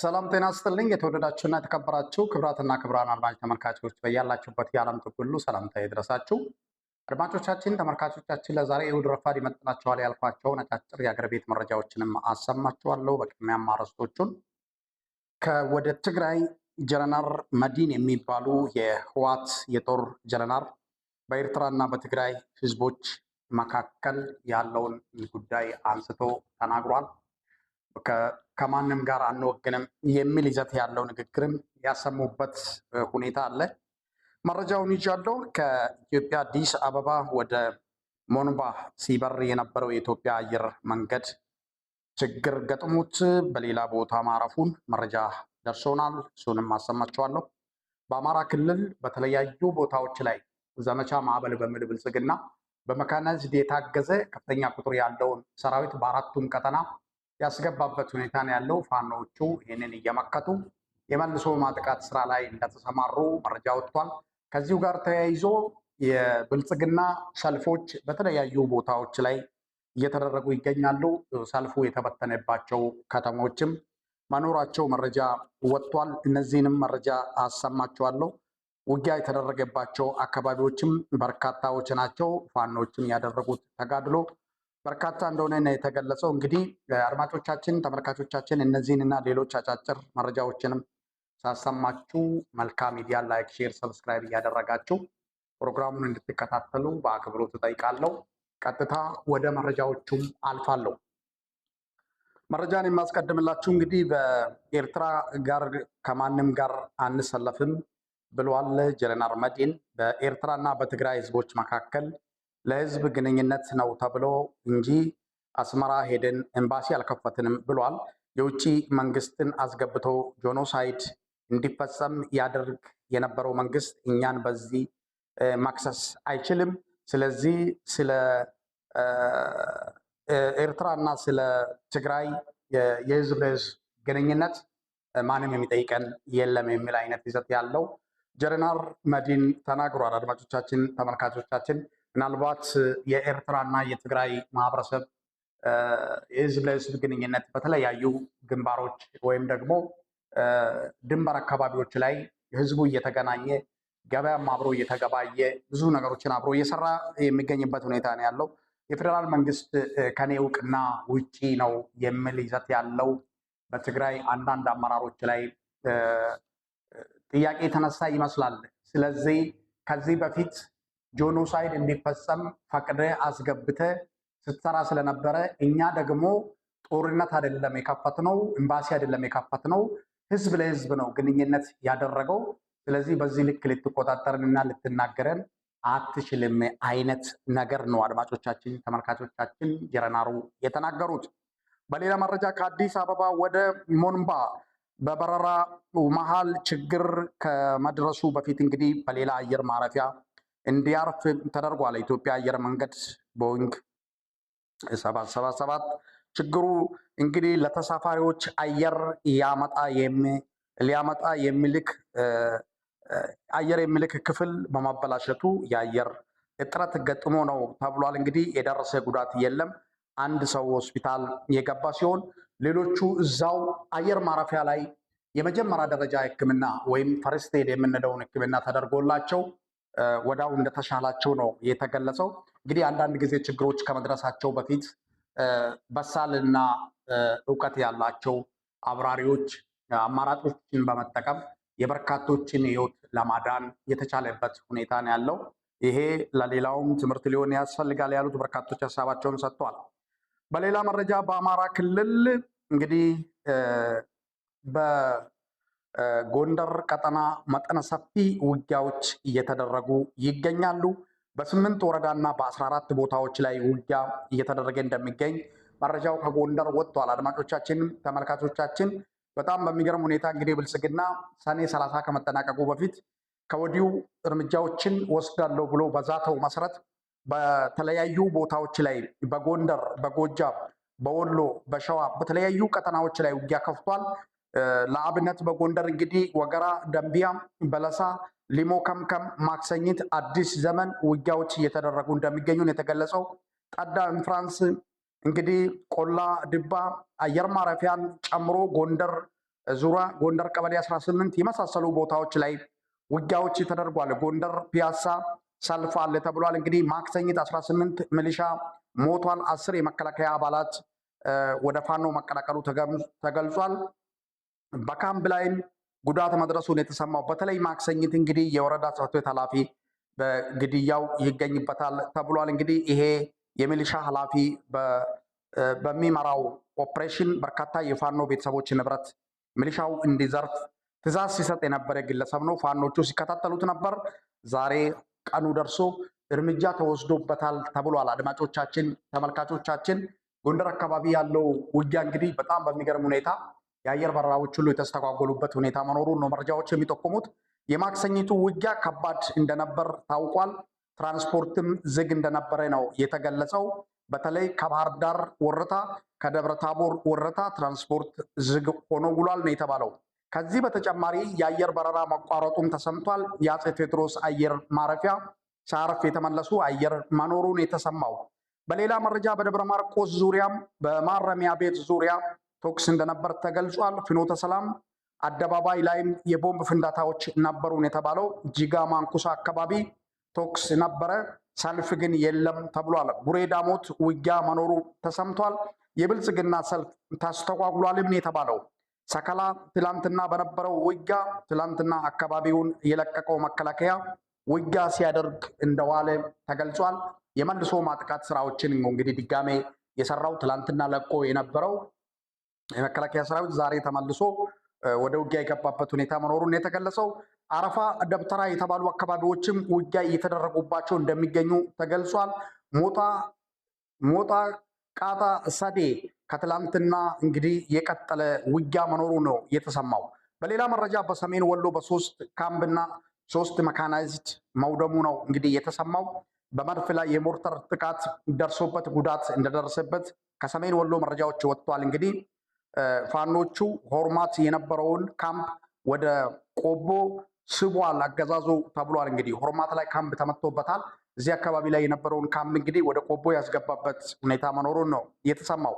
ሰላም ጤና ስጥልኝ። የተወደዳችሁና የተከበራችሁ ክብራትና ክብራን አድማጭ ተመልካቾች በያላችሁበት የዓለም ጥግ ሁሉ ሰላምታ ይድረሳችሁ። አድማጮቻችን፣ ተመልካቾቻችን ለዛሬ እሑድ ረፋድ ይመጥናችኋል ያልኳቸውን አጫጭር የአገር ቤት መረጃዎችንም አሰማችኋለሁ። በቅድሚያም አርዕስቶቹን ከወደ ትግራይ ጀነራል መዲን የሚባሉ የህዋት የጦር ጀነራል በኤርትራና በትግራይ ህዝቦች መካከል ያለውን ጉዳይ አንስቶ ተናግሯል። ከማንም ጋር አንወግንም የሚል ይዘት ያለው ንግግርም ያሰሙበት ሁኔታ አለ። መረጃውን ይዣለሁ። ከኢትዮጵያ አዲስ አበባ ወደ ሞንባ ሲበር የነበረው የኢትዮጵያ አየር መንገድ ችግር ገጥሞት በሌላ ቦታ ማረፉን መረጃ ደርሶናል። እሱንም አሰማችኋለሁ። በአማራ ክልል በተለያዩ ቦታዎች ላይ ዘመቻ ማዕበል በሚል ብልጽግና በመካናይዝድ የታገዘ ከፍተኛ ቁጥር ያለውን ሰራዊት በአራቱም ቀጠና ያስገባበት ሁኔታ ነው ያለው። ፋኖዎቹ ይህንን እየመከቱ የመልሶ ማጥቃት ስራ ላይ እንደተሰማሩ መረጃ ወጥቷል። ከዚሁ ጋር ተያይዞ የብልጽግና ሰልፎች በተለያዩ ቦታዎች ላይ እየተደረጉ ይገኛሉ። ሰልፉ የተበተነባቸው ከተሞችም መኖራቸው መረጃ ወጥቷል። እነዚህንም መረጃ አሰማችኋለሁ። ውጊያ የተደረገባቸው አካባቢዎችም በርካታዎች ናቸው። ፋኖችን ያደረጉት ተጋድሎ በርካታ እንደሆነ የተገለጸው። እንግዲህ አድማጮቻችን፣ ተመልካቾቻችን እነዚህን እና ሌሎች አጫጭር መረጃዎችንም ሳሰማችሁ መልካም ሚዲያ ላይክ፣ ሼር፣ ሰብስክራይብ እያደረጋችሁ ፕሮግራሙን እንድትከታተሉ በአክብሮት እጠይቃለሁ። ቀጥታ ወደ መረጃዎቹም አልፋለሁ። መረጃን የማስቀድምላችሁ እንግዲህ በኤርትራ ጋር ከማንም ጋር አንሰለፍም ብሏል ጀነራል መዲን። በኤርትራና በትግራይ ህዝቦች መካከል ለህዝብ ግንኙነት ነው ተብሎ እንጂ አስመራ ሄደን ኤምባሲ አልከፈትንም ብሏል። የውጭ መንግስትን አስገብቶ ጆኖሳይድ እንዲፈጸም ያደርግ የነበረው መንግስት እኛን በዚህ ማክሰስ አይችልም። ስለዚህ ስለ ኤርትራና ስለ ትግራይ የህዝብ ለህዝብ ግንኙነት ማንም የሚጠይቀን የለም የሚል አይነት ይዘት ያለው ጀነራል መዲን ተናግሯል። አድማጮቻችን፣ ተመልካቾቻችን ምናልባት የኤርትራና የትግራይ ማህበረሰብ የህዝብ ለህዝብ ግንኙነት በተለያዩ ግንባሮች ወይም ደግሞ ድንበር አካባቢዎች ላይ ህዝቡ እየተገናኘ ገበያም አብሮ እየተገባየ ብዙ ነገሮችን አብሮ እየሰራ የሚገኝበት ሁኔታ ነው ያለው። የፌዴራል መንግስት ከኔ እውቅና ውጪ ነው የሚል ይዘት ያለው በትግራይ አንዳንድ አመራሮች ላይ ጥያቄ የተነሳ ይመስላል። ስለዚህ ከዚህ በፊት ጆኖሳይድ እንዲፈጸም ፈቅደ አስገብተ ስትሰራ ስለነበረ እኛ ደግሞ ጦርነት አይደለም የከፈት ነው፣ ኤምባሲ አይደለም የከፈት ነው፣ ህዝብ ለህዝብ ነው ግንኙነት ያደረገው። ስለዚህ በዚህ ልክ ልትቆጣጠርንና ልትናገረን አትችልም አይነት ነገር ነው አድማጮቻችን፣ ተመልካቾቻችን ጀነራሉ የተናገሩት። በሌላ መረጃ ከአዲስ አበባ ወደ ሞንባ በበረራ መሀል ችግር ከመድረሱ በፊት እንግዲህ በሌላ አየር ማረፊያ እንዲያርፍ ተደርጓል። ኢትዮጵያ አየር መንገድ ቦይንግ 777 ችግሩ እንግዲህ ለተሳፋሪዎች አየር ያመጣ ሊያመጣ የሚልክ አየር የሚልክ ክፍል በማበላሸቱ የአየር እጥረት ገጥሞ ነው ተብሏል። እንግዲህ የደረሰ ጉዳት የለም። አንድ ሰው ሆስፒታል የገባ ሲሆን ሌሎቹ እዛው አየር ማረፊያ ላይ የመጀመሪያ ደረጃ ሕክምና ወይም ፈርስት ኤድ የምንለውን ሕክምና ተደርጎላቸው ወዳው እንደተሻላቸው ነው የተገለጸው። እንግዲህ አንዳንድ ጊዜ ችግሮች ከመድረሳቸው በፊት በሳልና እውቀት ያላቸው አብራሪዎች አማራጮችን በመጠቀም የበርካቶችን ህይወት ለማዳን የተቻለበት ሁኔታ ነው ያለው። ይሄ ለሌላውም ትምህርት ሊሆን ያስፈልጋል ያሉት በርካቶች ሀሳባቸውን ሰጥቷል። በሌላ መረጃ በአማራ ክልል እንግዲህ ጎንደር ቀጠና መጠነ ሰፊ ውጊያዎች እየተደረጉ ይገኛሉ። በስምንት ወረዳና በአስራ አራት ቦታዎች ላይ ውጊያ እየተደረገ እንደሚገኝ መረጃው ከጎንደር ወጥቷል። አድማጮቻችን ተመልካቾቻችን በጣም በሚገርም ሁኔታ እንግዲህ ብልጽግና ሰኔ ሰላሳ ከመጠናቀቁ በፊት ከወዲሁ እርምጃዎችን ወስዳለሁ ብሎ በዛተው መሰረት በተለያዩ ቦታዎች ላይ በጎንደር፣ በጎጃም፣ በወሎ፣ በሸዋ በተለያዩ ቀጠናዎች ላይ ውጊያ ከፍቷል። ለአብነት በጎንደር እንግዲህ ወገራ፣ ደንቢያ፣ በለሳ፣ ሊሞ ከምከም፣ ማክሰኝት፣ አዲስ ዘመን ውጊያዎች እየተደረጉ እንደሚገኙን የተገለጸው ጠዳ ኢንፍራንስ እንግዲህ ቆላ ድባ አየር ማረፊያን ጨምሮ ጎንደር ዙሪያ ጎንደር ቀበሌ 18 የመሳሰሉ ቦታዎች ላይ ውጊያዎች ተደርጓል። ጎንደር ፒያሳ ሰልፍ አለ ተብሏል። እንግዲህ ማክሰኝት 18 ሚሊሻ ሞቷል። አስር የመከላከያ አባላት ወደ ፋኖ መቀላቀሉ ተገልጿል። በካምፕ ላይም ጉዳት መድረሱን የተሰማው በተለይ ማክሰኝት እንግዲህ የወረዳ ጽሕፈት ቤት ኃላፊ በግድያው ይገኝበታል ተብሏል። እንግዲህ ይሄ የሚሊሻ ኃላፊ በሚመራው ኦፕሬሽን በርካታ የፋኖ ቤተሰቦች ንብረት ሚሊሻው እንዲዘርፍ ትእዛዝ ሲሰጥ የነበረ ግለሰብ ነው። ፋኖቹ ሲከታተሉት ነበር። ዛሬ ቀኑ ደርሶ እርምጃ ተወስዶበታል ተብሏል። አድማጮቻችን፣ ተመልካቾቻችን ጎንደር አካባቢ ያለው ውጊያ እንግዲህ በጣም በሚገርም ሁኔታ የአየር በረራዎች ሁሉ የተስተጓጎሉበት ሁኔታ መኖሩን ነው መረጃዎች የሚጠቁሙት። የማክሰኝቱ ውጊያ ከባድ እንደነበር ታውቋል። ትራንስፖርትም ዝግ እንደነበረ ነው የተገለጸው። በተለይ ከባህር ዳር ወረታ፣ ከደብረ ታቦር ወረታ ትራንስፖርት ዝግ ሆኖ ውሏል ነው የተባለው። ከዚህ በተጨማሪ የአየር በረራ መቋረጡም ተሰምቷል። የአጼ ቴዎድሮስ አየር ማረፊያ ሳረፍ የተመለሱ አየር መኖሩን የተሰማው። በሌላ መረጃ በደብረ ማርቆስ ዙሪያም በማረሚያ ቤት ዙሪያ ተኩስ እንደነበር ተገልጿል። ፍኖተ ሰላም አደባባይ ላይም የቦምብ ፍንዳታዎች ነበሩን የተባለው ጂጋ ማንኩሳ አካባቢ ተኩስ ነበረ፣ ሰልፍ ግን የለም ተብሏል። ቡሬ ዳሞት ውጊያ መኖሩ ተሰምቷል። የብልጽግና ሰልፍ ታስተጓጉሏልም የተባለው ሰከላ ትላንትና በነበረው ውጊያ ትላንትና አካባቢውን የለቀቀው መከላከያ ውጊያ ሲያደርግ እንደዋለ ተገልጿል። የመልሶ ማጥቃት ስራዎችን እንግዲህ ድጋሜ የሰራው ትላንትና ለቆ የነበረው የመከላከያ ሰራዊት ዛሬ ተመልሶ ወደ ውጊያ የገባበት ሁኔታ መኖሩን የተገለጸው አረፋ፣ ደብተራ የተባሉ አካባቢዎችም ውጊያ እየተደረጉባቸው እንደሚገኙ ተገልጿል። ሞጣ ሞጣ ቃጣ ሰዴ ከትላንትና እንግዲህ የቀጠለ ውጊያ መኖሩ ነው የተሰማው። በሌላ መረጃ በሰሜን ወሎ በሶስት ካምፕና ሶስት መካናይዝድ መውደሙ ነው እንግዲህ የተሰማው። በመድፍ ላይ የሞርተር ጥቃት ደርሶበት ጉዳት እንደደረሰበት ከሰሜን ወሎ መረጃዎች ወጥቷል። እንግዲህ ፋኖቹ ሆርማት የነበረውን ካምፕ ወደ ቆቦ ስቧል አገዛዙ ተብሏል። እንግዲህ ሆርማት ላይ ካምፕ ተመቶበታል። እዚህ አካባቢ ላይ የነበረውን ካምፕ እንግዲህ ወደ ቆቦ ያስገባበት ሁኔታ መኖሩን ነው የተሰማው።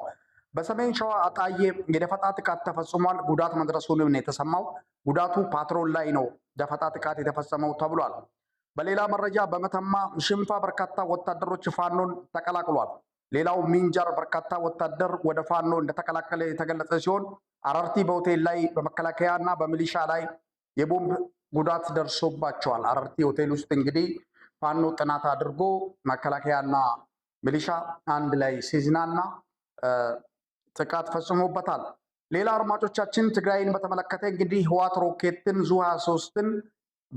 በሰሜን ሸዋ አጣዬ የደፈጣ ጥቃት ተፈጽሟል። ጉዳት መድረሱንም ነው የተሰማው። ጉዳቱ ፓትሮል ላይ ነው ደፈጣ ጥቃት የተፈጸመው ተብሏል። በሌላ መረጃ በመተማ ሽንፋ በርካታ ወታደሮች ፋኖን ተቀላቅሏል። ሌላው ሚንጃር በርካታ ወታደር ወደ ፋኖ እንደተቀላቀለ የተገለጸ ሲሆን አራርቲ በሆቴል ላይ በመከላከያ እና በሚሊሻ ላይ የቦምብ ጉዳት ደርሶባቸዋል። አራርቲ ሆቴል ውስጥ እንግዲህ ፋኖ ጥናት አድርጎ መከላከያና ሚሊሻ አንድ ላይ ሲዝናና ጥቃት ፈጽሞበታል። ሌላ አድማጮቻችን ትግራይን በተመለከተ እንግዲህ ህዋት ሮኬትን ዙ 23ን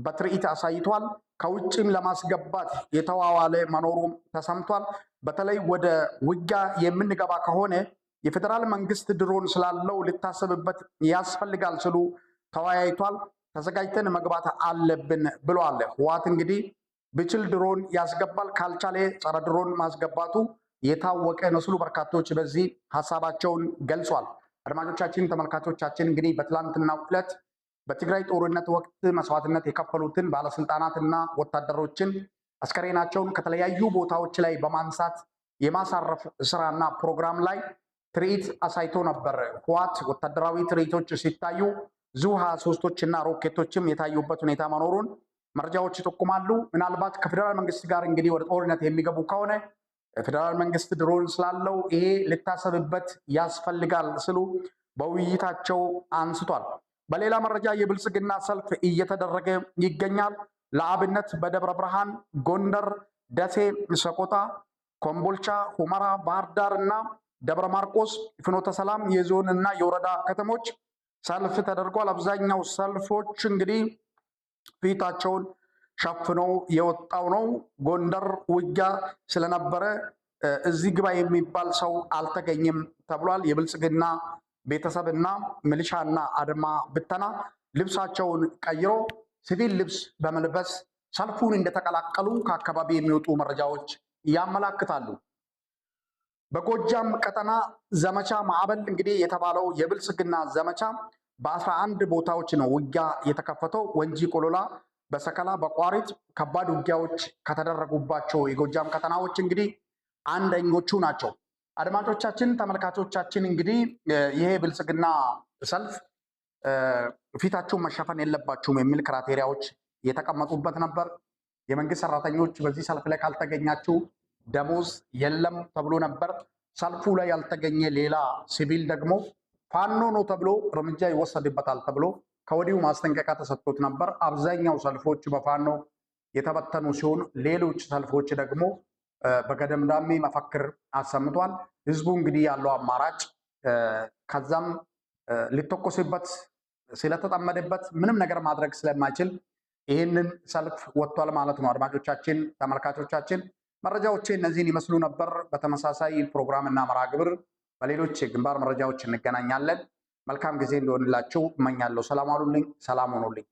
በትርኢት አሳይቷል። ከውጭም ለማስገባት የተዋዋለ መኖሩም ተሰምቷል። በተለይ ወደ ውጊያ የምንገባ ከሆነ የፌዴራል መንግስት ድሮን ስላለው ልታሰብበት ያስፈልጋል ስሉ ተወያይቷል። ተዘጋጅተን መግባት አለብን ብለዋል። ህዋት እንግዲህ ብችል ድሮን ያስገባል፣ ካልቻለ ጸረ ድሮን ማስገባቱ የታወቀ ነው በርካቶች በዚህ ሀሳባቸውን ገልጿል። አድማጮቻችን፣ ተመልካቾቻችን እንግዲህ በትላንትናው ዕለት በትግራይ ጦርነት ወቅት መስዋዕትነት የከፈሉትን ባለስልጣናትና ወታደሮችን አስከሬናቸውን ከተለያዩ ቦታዎች ላይ በማንሳት የማሳረፍ ስራና ፕሮግራም ላይ ትርኢት አሳይቶ ነበር። ህዋት ወታደራዊ ትርኢቶች ሲታዩ ዙ ሀያ ሶስቶች እና ሮኬቶችም የታዩበት ሁኔታ መኖሩን መረጃዎች ይጠቁማሉ። ምናልባት ከፌዴራል መንግስት ጋር እንግዲህ ወደ ጦርነት የሚገቡ ከሆነ ፌደራል መንግስት ድሮን ስላለው ይሄ ልታሰብበት ያስፈልጋል ስሉ በውይይታቸው አንስቷል። በሌላ መረጃ የብልጽግና ሰልፍ እየተደረገ ይገኛል። ለአብነት በደብረ ብርሃን፣ ጎንደር፣ ደሴ፣ ሰቆጣ፣ ኮምቦልቻ፣ ሁመራ፣ ባህር ዳር እና ደብረ ማርቆስ፣ ፍኖተ ሰላም የዞን እና የወረዳ ከተሞች ሰልፍ ተደርጓል። አብዛኛው ሰልፎች እንግዲህ ፊታቸውን ሸፍነው የወጣው ነው። ጎንደር ውጊያ ስለነበረ እዚህ ግባ የሚባል ሰው አልተገኘም ተብሏል። የብልጽግና ቤተሰብና ሚሊሻና አድማ ብተና ልብሳቸውን ቀይሮ ሲቪል ልብስ በመልበስ ሰልፉን እንደተቀላቀሉ ከአካባቢ የሚወጡ መረጃዎች ያመላክታሉ። በጎጃም ቀጠና ዘመቻ ማዕበል እንግዲህ የተባለው የብልጽግና ዘመቻ በአስራ አንድ ቦታዎች ነው ውጊያ የተከፈተው። ወንጂ ቆሎላ፣ በሰከላ፣ በቋሪት ከባድ ውጊያዎች ከተደረጉባቸው የጎጃም ቀጠናዎች እንግዲህ አንደኞቹ ናቸው። አድማጮቻችን፣ ተመልካቾቻችን እንግዲህ ይሄ ብልጽግና ሰልፍ ፊታችሁን መሸፈን የለባችሁም የሚል ክራቴሪያዎች የተቀመጡበት ነበር። የመንግስት ሰራተኞች በዚህ ሰልፍ ላይ ካልተገኛችሁ ደሞዝ የለም ተብሎ ነበር። ሰልፉ ላይ ያልተገኘ ሌላ ሲቪል ደግሞ ፋኖ ነው ተብሎ እርምጃ ይወሰድበታል ተብሎ ከወዲሁ ማስጠንቀቂያ ተሰጥቶት ነበር። አብዛኛው ሰልፎች በፋኖ የተበተኑ ሲሆን ሌሎች ሰልፎች ደግሞ በገደምዳሜ መፈክር አሰምቷል። ህዝቡ እንግዲህ ያለው አማራጭ ከዛም ሊተኮስበት ስለተጠመደበት ምንም ነገር ማድረግ ስለማይችል ይህንን ሰልፍ ወጥቷል ማለት ነው። አድማጮቻችን፣ ተመልካቾቻችን መረጃዎቼ እነዚህን ይመስሉ ነበር። በተመሳሳይ ፕሮግራም እና መርሃ ግብር በሌሎች የግንባር መረጃዎች እንገናኛለን። መልካም ጊዜ እንደሆንላችሁ እመኛለሁ። ሰላም አሉልኝ። ሰላም ሆኖልኝ